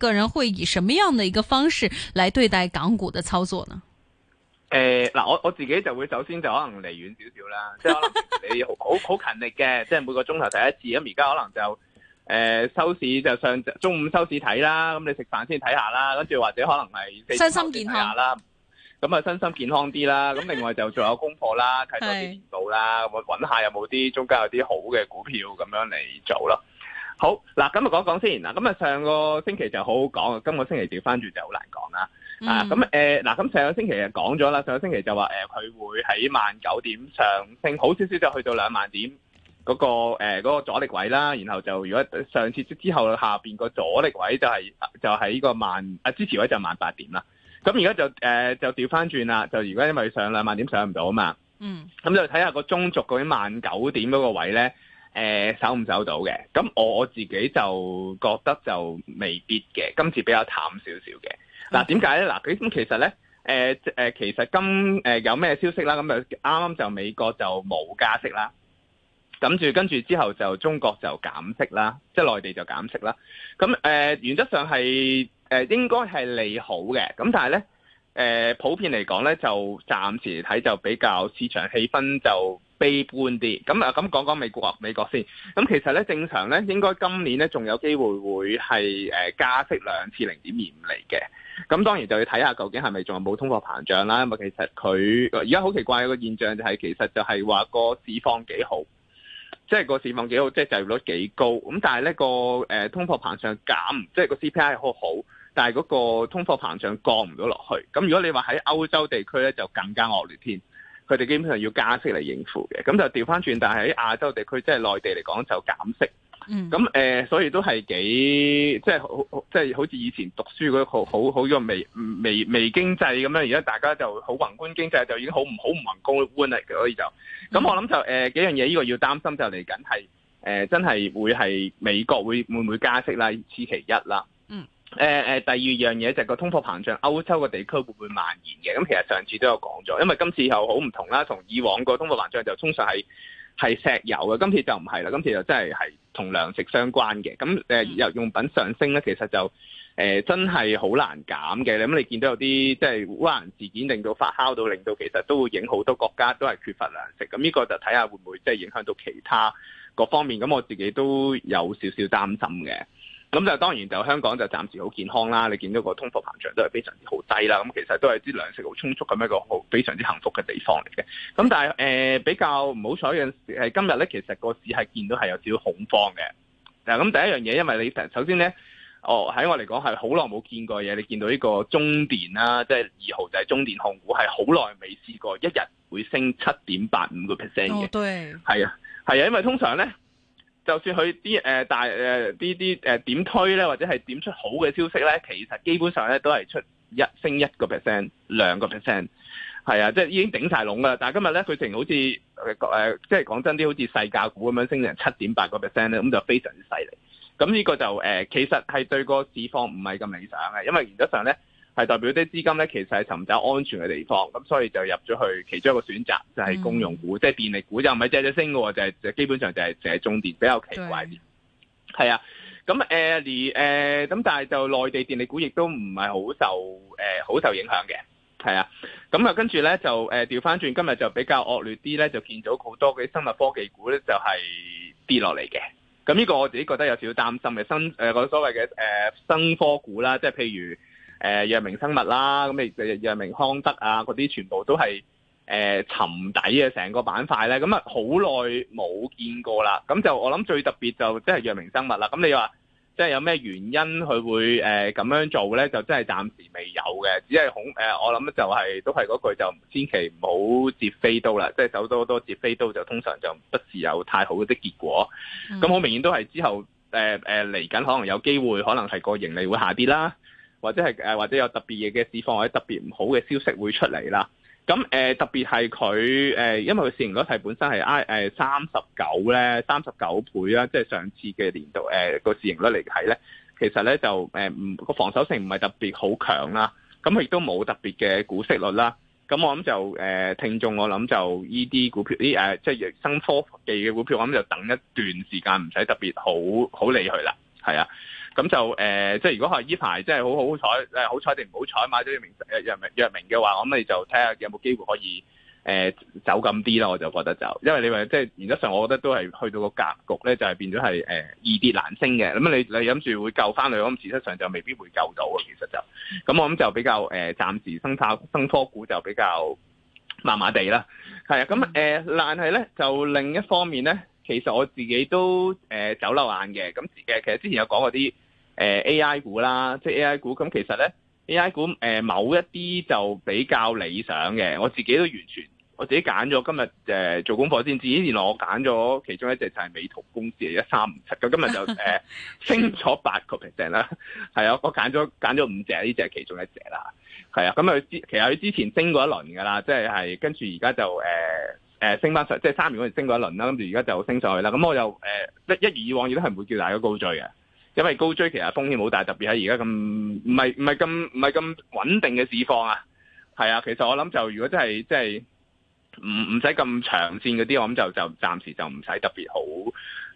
個人會以什麼樣的一個方式來對待港股的操作呢？誒，嗱，我我自己就會首先就可能離遠少少啦，即係可能你好好勤力嘅，即係每個鐘頭睇一次，咁而家可能就誒、呃、收市就上中午收市睇啦，咁你食飯先睇下啦，跟住或者可能係身心健康下啦，咁啊身心健康啲啦，咁另外就仲有功課啦，睇 多啲年報啦，咁搵下有冇啲中間有啲好嘅股票咁樣嚟做咯。好嗱，咁啊講講講先嗱，咁啊上個星期就好好講，今個星期調翻轉就好難講啦。嗯、啊，咁誒嗱，咁上個星期就講咗啦，上個星期就話誒佢會喺萬九點上升，好少少就去到兩萬點嗰、那個誒嗰、呃那個、阻力位啦。然後就如果上次之後下邊個阻力位就係、是、就喺呢個萬啊支持位就萬八點啦。咁而家就誒就調翻轉啦，就如果因為上兩萬點上唔到啊嘛。嗯。咁就睇下個中軸究竟萬九點嗰個位咧。誒收唔收到嘅？咁我自己就覺得就未必嘅。今次比較淡少少嘅。嗱點解咧？嗱咁其實咧、呃，其實今誒、呃呃、有咩消息啦？咁就啱啱就美國就冇加息啦。咁住跟住之後就中國就減息啦，即係內地就減息啦。咁誒、呃、原則上係誒、呃、應該係利好嘅。咁但係咧誒普遍嚟講咧，就暫時睇就比較市場氣氛就悲觀啲，咁啊咁講講美國美國先。咁其實咧正常咧，應該今年咧仲有機會會係誒、呃、加息兩次零點二五厘嘅。咁當然就要睇下究竟係咪仲有冇通貨膨脹啦。因為其實佢而家好奇怪一個現象就係、是、其實就係話個市況幾好，即係個市況幾好，即係就業、是、率幾高。咁但係咧、呃就是、個誒通貨膨脹減，即係個 CPI 好好，但係嗰個通貨膨脹降唔到落去。咁如果你話喺歐洲地區咧，就更加惡劣添。佢哋基本上要加息嚟應付嘅，咁就調翻轉，但係喺亞洲地區，即係內地嚟講就減息。咁誒，嗯，所以都係幾即係即係好似以前讀書嗰個好好似個微微微經濟咁樣。而家大家就好宏觀經濟，就已經好唔好唔宏觀嘅。所以就咁，我諗就誒幾樣嘢，呢個要擔心就嚟緊係誒真係會係美國會會唔會加息啦？此其一啦。誒第二樣嘢就係個通貨膨脹，歐洲嘅地區會唔會蔓延嘅？咁其實上次都有講咗，因為今次又好唔同啦，同以往個通貨膨脹就通常係係石油嘅，今次就唔係啦，今次就真係係同糧食相關嘅。咁誒日用品上升咧，其實就誒、呃、真係好難減嘅。咁你見到有啲即係烏克蘭事件，就是、自令到發酵到，令到其實都會影好多國家都係缺乏糧食。咁呢個就睇下會唔會即係影響到其他各方面。咁我自己都有少少擔心嘅。咁就當然就香港就暫時好健康啦，你見到個通貨膨脹都係非常之好低啦。咁其實都係啲糧食好充足咁一個好非常之幸福嘅地方嚟嘅。咁但係誒、呃、比較唔好彩嘅事係今日咧，其實個市係見到係有少少恐慌嘅。嗱，咁第一樣嘢，因為你首先咧，哦、我喺我嚟講係好耐冇見過嘢，你見到呢個中電啦，即係二號就係中電控股係好耐未試過一日會升七點八五個 percent 嘅。哦，對，係啊，係啊，因為通常咧。就算佢啲誒大誒啲啲誒點推咧，或者係點出好嘅消息咧，其實基本上咧都係出一升一個 percent、兩個 percent，係啊，即係已經頂曬籠㗎啦。但係今日咧，佢成好似誒誒，即係講真啲，好似細價股咁樣升成七點八個 percent 咧，咁就非常之犀利。咁呢個就誒，其實係對個市況唔係咁理想嘅，因為原則上咧。係代表啲資金咧，其實係尋找安全嘅地方，咁所以就入咗去其中一個選擇就係、是、公用股，嗯、即係電力股，就唔係隻隻升嘅，就係、是、就基本上就係、是、就是、中電比較奇怪啲。係啊對，咁誒、呃、而誒咁、呃，但係就內地電力股亦都唔係好受誒好、呃、受影響嘅。係啊，咁啊跟住咧就誒調返轉，今日就比較惡劣啲咧，就見到好多嘅生物科技股咧就係跌落嚟嘅。咁呢個我自己覺得有少少擔心嘅新、呃、所謂嘅、呃、新科股啦，即係譬如。誒藥明生物啦，咁你藥明康德啊，嗰啲全部都係誒、呃、沉底嘅，成個板塊咧，咁啊好耐冇見過啦。咁就我諗最特別就即係藥明生物啦。咁你話即係有咩原因佢會誒咁、呃、樣做咧？就真係暫時未有嘅，只係恐誒、呃。我諗就係、是、都係嗰句，就千祈唔好接飛刀啦。即係手多很多接飛刀就通常就不是有太好啲結果。咁好明顯都係之後誒誒嚟緊，呃呃、可能有機會，可能係個盈利會下跌啦。或者係或者有特別嘢嘅市況或者特別唔好嘅消息會出嚟啦，咁誒、呃、特別係佢誒，因為佢市盈率係本身係 I 誒三十九咧，三十九倍啦，即、就、係、是、上次嘅年度誒個、呃、市盈率嚟睇咧，其實咧就誒唔個防守性唔係特別好強啦，咁佢亦都冇特別嘅股息率啦，咁我諗就誒、呃、聽眾我諗就依啲股票啲誒即係生科技嘅股票，我諗就等一段時間唔使特別好好理佢啦，係啊。咁就誒、呃，即係如果係依排，即係好好彩好彩定唔好彩買咗啲明誒藥明嘅話，咁你就睇下有冇機會可以誒、呃、走咁啲咯，我就覺得就因為你話即係，原則上我覺得都係去到個格局咧，就係、是、變咗係誒易跌難升嘅。咁你你諗住會救翻佢，咁、嗯、事實上就未必會救到。其實就咁，我諗就比較誒、呃，暫時生產升科股就比較麻麻地啦。係啊，咁誒、呃，但係咧就另一方面咧，其實我自己都誒、呃、走漏眼嘅。咁其實之前有講嗰啲。誒、呃、A.I. 股啦，即係 A.I. 股咁，其實咧 A.I. 股誒、呃、某一啲就比較理想嘅，我自己都完全我自己揀咗今日誒、呃、做功課先，至原來我揀咗其中一隻就係美圖公司嘅一三五七，咁今日就誒、呃、升咗八個 percent 啦，係 啊，我揀咗揀咗五隻，呢隻係其中一隻啦，係啊，咁佢之其實佢之前升過一輪㗎啦，即係跟住而家就誒、呃呃、升翻上，即係三年嗰陣升過一輪啦，跟住而家就升上去啦，咁我又誒一一如以往，亦都係唔會叫大家高追嘅。因為高追其實風險好大，特別喺而家咁唔係唔係咁唔係咁穩定嘅市況啊，係啊，其實我諗就如果真係即係唔唔使咁長線嗰啲，我諗就就暫時就唔使特別好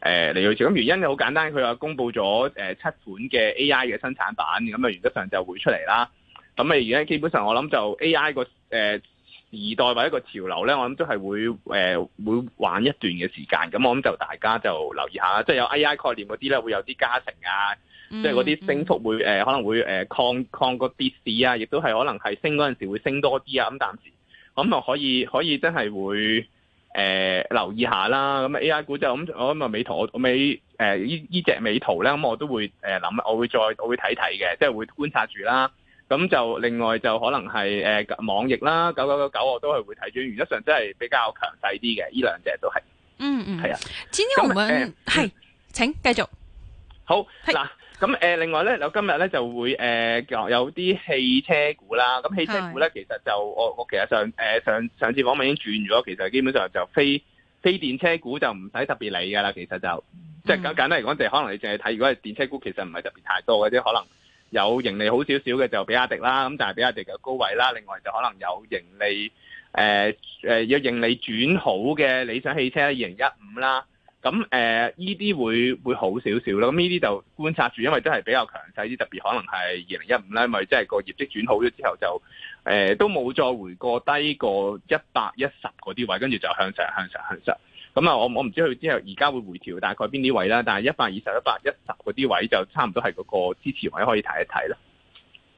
誒嚟預測。咁、呃、原因好簡單，佢又公布咗誒、呃、七款嘅 A I 嘅生產版，咁、呃、啊原則上就會出嚟啦。咁啊而家基本上我諗就 A I 個誒。呃時代或者個潮流咧，我諗都係會誒、呃、會玩一段嘅時間。咁我諗就大家就留意下啦，即係有 AI 概念嗰啲咧，會有啲加成啊，即係嗰啲升幅會誒、呃、可能會誒抗抗個跌市啊，亦都係可能係升嗰陣時會升多啲啊。咁、嗯、暫時，咁啊可以可以真係會誒、呃、留意下啦。咁 AI 股就咁、嗯，我諗啊美圖我美誒依呢隻美圖咧，咁、嗯、我都會誒諗、呃，我會再我會睇睇嘅，即係會觀察住啦。咁就另外就可能係誒網易啦，九九九九我都係會睇住，原則上真係比較強勢啲嘅，呢兩隻都係。嗯嗯，係啊。天耀紅運係，請繼續。好嗱，咁誒，另外咧，我今日咧就會誒有有啲汽車股啦。咁汽車股咧，其實就我我其實上誒上上次訪問已經轉咗，其實基本上就非非電車股就唔使特別理噶啦。其實就即係簡簡單嚟講，就可能你淨係睇，如果係電車股，其實唔係特別太多嘅，即係可能。有盈利好少少嘅就比阿迪啦，咁但係比亞迪嘅高位啦，另外就可能有盈利，誒、呃、誒，有、呃、盈利轉好嘅理想汽車二零一五啦，咁誒呢啲會會好少少咯，咁呢啲就觀察住，因為都係比較強勢啲，特別可能係二零一五啦，咪即係個業績轉好咗之後就誒、呃、都冇再回過低過一百一十嗰啲位，跟住就向上向上向上。向上咁啊、嗯，我我唔知佢之後而家會回調，大概邊啲位啦？但係一百二十、一百一十嗰啲位就差唔多係嗰個支持位，可以睇一睇啦。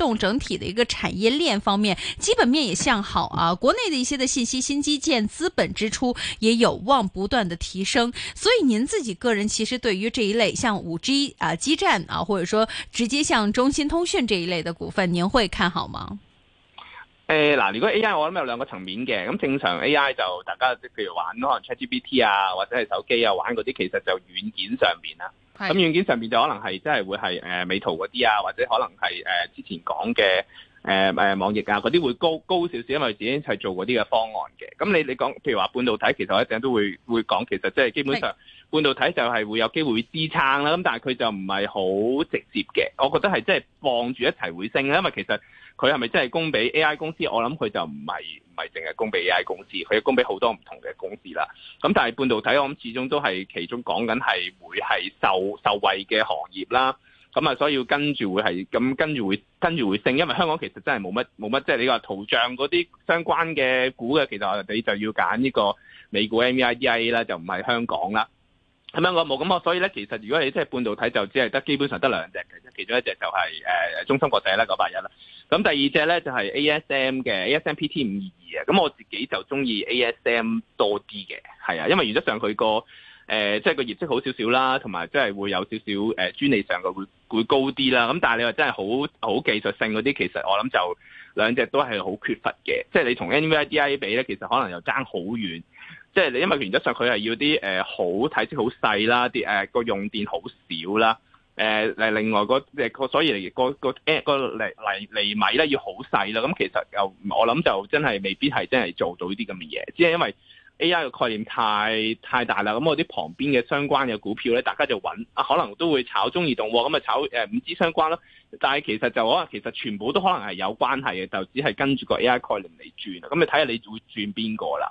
動整體的一個產業鏈方面，基本面也向好啊。國內的一些的信息新基建資本支出也有望不斷的提升，所以您自己個人其實對於這一類像五 G 啊、呃、基站啊，或者說直接向中興通訊這一類的股份，您會看好嗎？誒，嗱，如果 AI 我諗有兩個層面嘅，咁正常 AI 就大家譬如玩可能 ChatGPT 啊，或者係手機啊玩嗰啲，其實就軟件上面啊啦。咁軟件上面就可能係真係會係誒美圖嗰啲啊，或者可能係誒之前講嘅誒網易啊嗰啲會高高少少，因為自己係做嗰啲嘅方案嘅。咁你你講譬如話半導體，其實我一陣都會會講，其實即係基本上半導體就係會有機會支撐啦。咁的但係佢就唔係好直接嘅，我覺得係即係放住一齊會升，因為其實。佢係咪真係供俾 AI 公司？我諗佢就唔係唔係淨係供俾 AI 公司，佢供俾好多唔同嘅公司啦。咁但係半導體，我諗始終都係其中講緊係會係受受惠嘅行業啦。咁啊，所以要跟住會係咁跟住會跟住會升，因為香港其實真係冇乜冇乜，即係、就是、你話圖像嗰啲相關嘅股嘅，其實你就要揀呢個美股 NVIDIA 啦，就唔係香港啦。咁樣我冇咁我所以咧，其實如果你即係半導體就只係得基本上得兩隻嘅，其中一隻就係、是、誒、呃、中芯國際啦九八一啦。咁第二隻咧就係、是、ASM 嘅 ASMPT 五二二啊。咁我自己就中意 ASM 多啲嘅，係啊，因為原則上佢個誒即係個業績好少少啦，同埋即係會有少少誒專利上嘅會會高啲啦。咁但係你話真係好好技術性嗰啲，其實我諗就兩隻都係好缺乏嘅，即係你同 NVIDIA 比咧，其實可能又爭好遠。即係你，因為原則上佢係要啲誒、呃、好體積好細啦，啲誒個用電好少啦，誒、呃、誒另外、那個所以嚟、那個、那個 A、那個那個厘厘厘米咧要好細啦。咁、嗯、其實又我諗就真係未必係真係做到呢啲咁嘅嘢，只係因為 A I 嘅概念太太大啦。咁我啲旁邊嘅相關嘅股票咧，大家就搵啊，可能都會炒中移動，咁、嗯、啊炒誒、呃、五 G 相關啦，但係其實就可能其實全部都可能係有關係嘅，就只係跟住個 A I 概念嚟轉。咁你睇下你會轉邊個啦。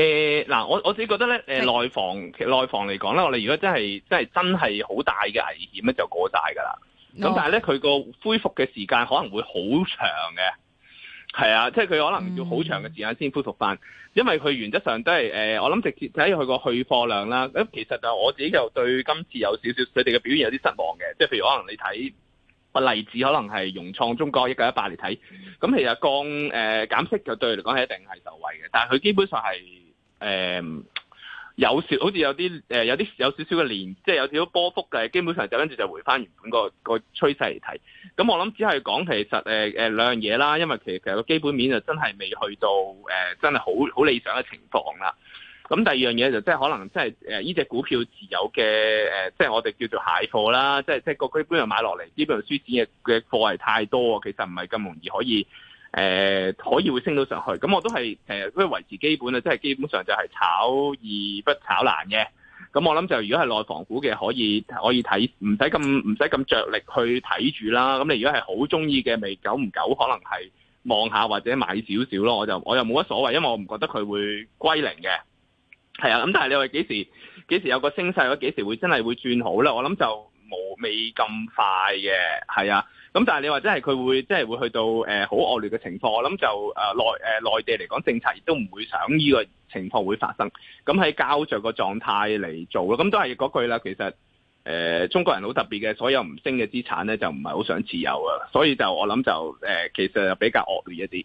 誒、嗱、呃，我我自己覺得咧，誒、呃，內房其內房嚟講咧，我哋如果真係真係真係好大嘅危險咧，就過晒噶啦。咁、oh. 但係咧，佢個恢復嘅時間可能會好長嘅，係啊，即係佢可能要好長嘅時間先恢復翻，mm. 因為佢原則上都係誒、呃，我諗直接睇佢個去貨量啦。咁其實就我自己又對今次有少少佢哋嘅表現有啲失望嘅，即係譬如可能你睇個例子，可能係融創中國一九一八嚟睇，咁其實降誒、呃、減息就對佢嚟講係一定係受惠嘅，但係佢基本上係。誒、嗯，有少好似有啲誒、呃，有啲有少少嘅連，即係有少少波幅嘅，基本上就跟住就回翻原本個個趨勢嚟睇。咁我諗只係講其實誒誒兩樣嘢啦，因為其實其實個基本面就真係未去到誒、呃，真係好好理想嘅情況啦。咁第二樣嘢就即係可能即係誒呢隻股票持有嘅誒、呃，即係我哋叫做蟹貨啦，即係即係個基本上買落嚟，基本上輸錢嘅嘅貨係太多，其實唔係咁容易可以。誒、呃、可以會升到上去，咁我都係誒都維持基本啊，即係基本上就係炒易不炒難嘅。咁我諗就如果係內房股嘅，可以可以睇，唔使咁唔使咁着力去睇住啦。咁你如果係好中意嘅，咪久唔久可能係望下或者買少少咯。我就我又冇乜所謂，因為我唔覺得佢會歸零嘅。係啊，咁但係你話幾時幾時有個升勢，或者幾時會真係會轉好咧？我諗就冇未咁快嘅，係啊。咁但係你話真係佢會即係會去到誒好惡劣嘅情況，我諗就誒內誒內地嚟講政策亦都唔會想呢個情況會發生，咁喺膠着個狀態嚟做咯，咁都係嗰句啦，其實誒、呃、中國人好特別嘅，所有唔升嘅資產咧就唔係好想持有啊，所以就我諗就誒、呃、其實比較惡劣一啲。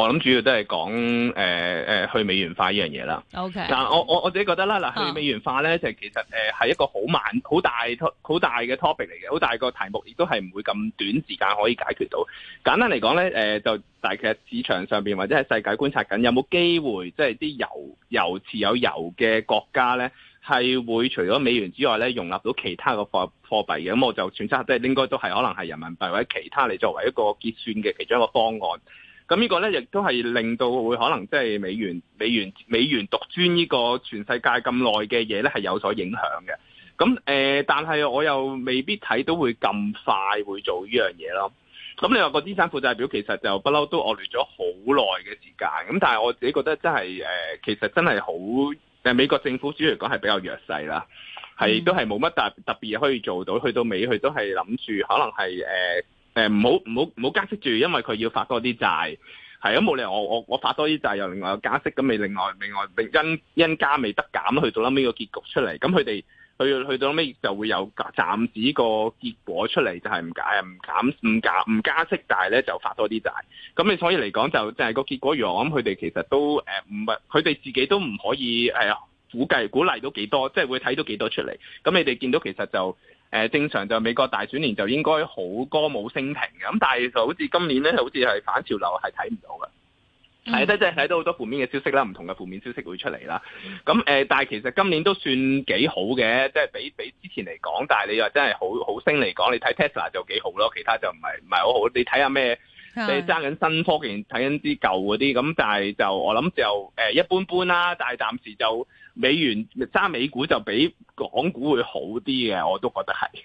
我諗主要都係講誒誒、呃、去，Okay. 去美元化呢樣嘢啦。O K，嗱我我我自己覺得啦，嗱去美元化咧，就其實誒係一個好慢、好大拖、好大嘅 topic 嚟嘅，好大個題目，亦都係唔會咁短時間可以解決到。簡單嚟講咧，誒、呃、就大其實市場上邊或者喺世界觀察緊有冇機會，即係啲油油持有油嘅國家咧，係會除咗美元之外咧，容納到其他嘅貨貨幣嘅。咁我就選擇，即係應該都係可能係人民幣或者其他嚟作為一個結算嘅其中一個方案。咁呢個咧，亦都係令到會可能即係美元、美元、美元獨尊呢個全世界咁耐嘅嘢咧，係有所影響嘅。咁、呃、但係我又未必睇到會咁快會做呢樣嘢咯。咁你話個資產負債表其實就不嬲都惡劣咗好耐嘅時間。咁但係我自己覺得真係、呃、其實真係好、呃、美國政府主要嚟講係比較弱勢啦，係、嗯、都係冇乜特特別嘢可以做到。去到尾佢都係諗住可能係誒，唔好唔好唔好加息住，因為佢要發多啲債，係啊，冇理由我，我我我發多啲債又另外又加息，咁你另外另外，另外因因加未得減，去到拉尾個結局出嚟，咁佢哋去去到拉尾就會有暫時，就是就是，個結果出嚟，就係唔解唔減唔減唔加息但係咧，就發多啲債，咁你所以嚟講就即係個結果樣，咁佢哋其實都誒唔係，佢、呃、哋自己都唔可以誒估、呃、計估嚟到幾多，即係會睇到幾多出嚟，咁你哋見到其實就。誒正常就美國大選年就應該好歌舞升平嘅，咁但係就好似今年咧，好似係反潮流，係睇唔到嘅，係即係睇到好多負面嘅消息啦，唔同嘅負面消息會出嚟啦。咁誒、呃，但係其實今年都算幾好嘅，即係比比之前嚟講，但係你又真係好好升嚟講，你睇 Tesla 就幾好咯，其他就唔係唔係好好。你睇下咩，你揸緊新科技，睇緊啲舊嗰啲，咁但係就我諗就、呃、一般般啦，但係暫時就。美元揸美股就比港股會好啲嘅，我都覺得係。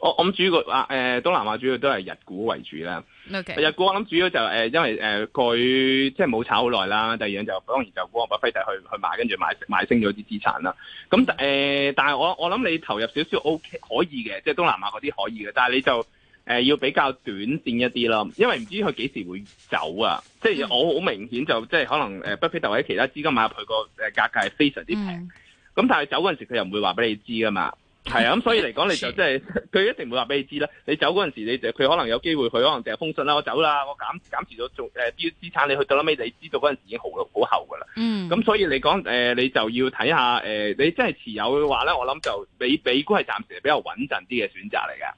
我我主要啊，誒，東南亞主要都係日股為主啦。Okay. 日股我諗主要就誒、是，因為誒佢、呃、即係冇炒好耐啦。第二樣就當然就估阿巴菲特去去買，跟住買買，買升咗啲資產啦。咁誒、呃，但係我我諗你投入少少 O K 可以嘅，即係東南亞嗰啲可以嘅。但係你就誒、呃、要比較短線一啲咯，因為唔知佢幾時會走啊。即係我好明顯就即係可能誒，巴菲特或者其他資金買入去個誒價格係非常之平。咁、mm. 但係走嗰陣時佢又唔會話俾你知噶嘛。係啊，咁所以嚟講，你就即係佢一定唔會話俾你知啦。你走嗰陣時，你就佢可能有機會，佢可能淨係封信啦。我走啦，我減減持咗，做誒啲資產，你去到啦屘，你知道嗰陣時已經好好厚噶啦。嗯。咁所以嚟講，誒、呃、你就要睇下，誒、呃、你真係持有嘅話咧，我諗就美美股係暫時比較穩陣啲嘅選擇嚟㗎。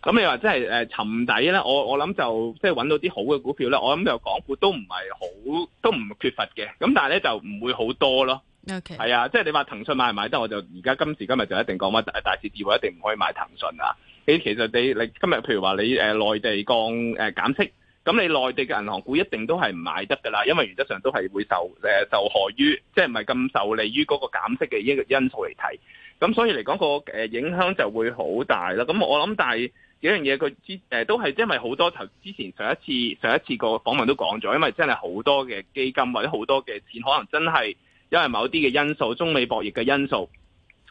咁你話即係誒沉底咧，我我諗就即係搵到啲好嘅股票咧，我諗就港股都唔係好，都唔缺乏嘅。咁但係咧就唔會好多咯。係 Okay. 啊，即係你話騰訊買唔買得？我就而家今時今日就一定講話大市低位一定唔可以買騰訊啊！你其實你你今日譬如話你誒、呃、內地降誒、呃、減息，咁你內地嘅銀行股一定都係唔買得噶啦，因為原則上都係會受誒、呃、受害於即係唔係咁受利於嗰個減息嘅一因素嚟睇。咁所以嚟講個誒影響就會好大啦。咁我諗，但係有一樣嘢，佢之誒都係因為好多頭之前上一次上一次個訪問都講咗，因為真係好多嘅基金或者好多嘅錢可能真係。因為某啲嘅因素、中美博弈嘅因素，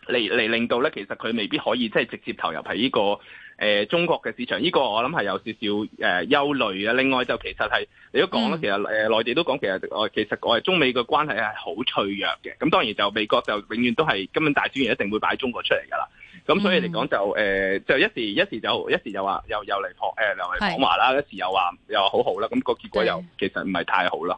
嚟嚟令到咧，其實佢未必可以即係、就是、直接投入喺呢、這個誒、呃、中國嘅市場。呢、這個我諗係有少少誒、呃、憂慮啊。另外就其實係你、嗯實呃、都講啦，其實誒內地都講其實我其實我係中美嘅關係係好脆弱嘅。咁當然就美國就永遠都係根本大選年一定會擺中國出嚟㗎啦。咁所以嚟講就誒、嗯就、呃、就一時一時就一時又話又又嚟講話啦，一時又話又好好啦。咁個結果又對其實唔係太好啦。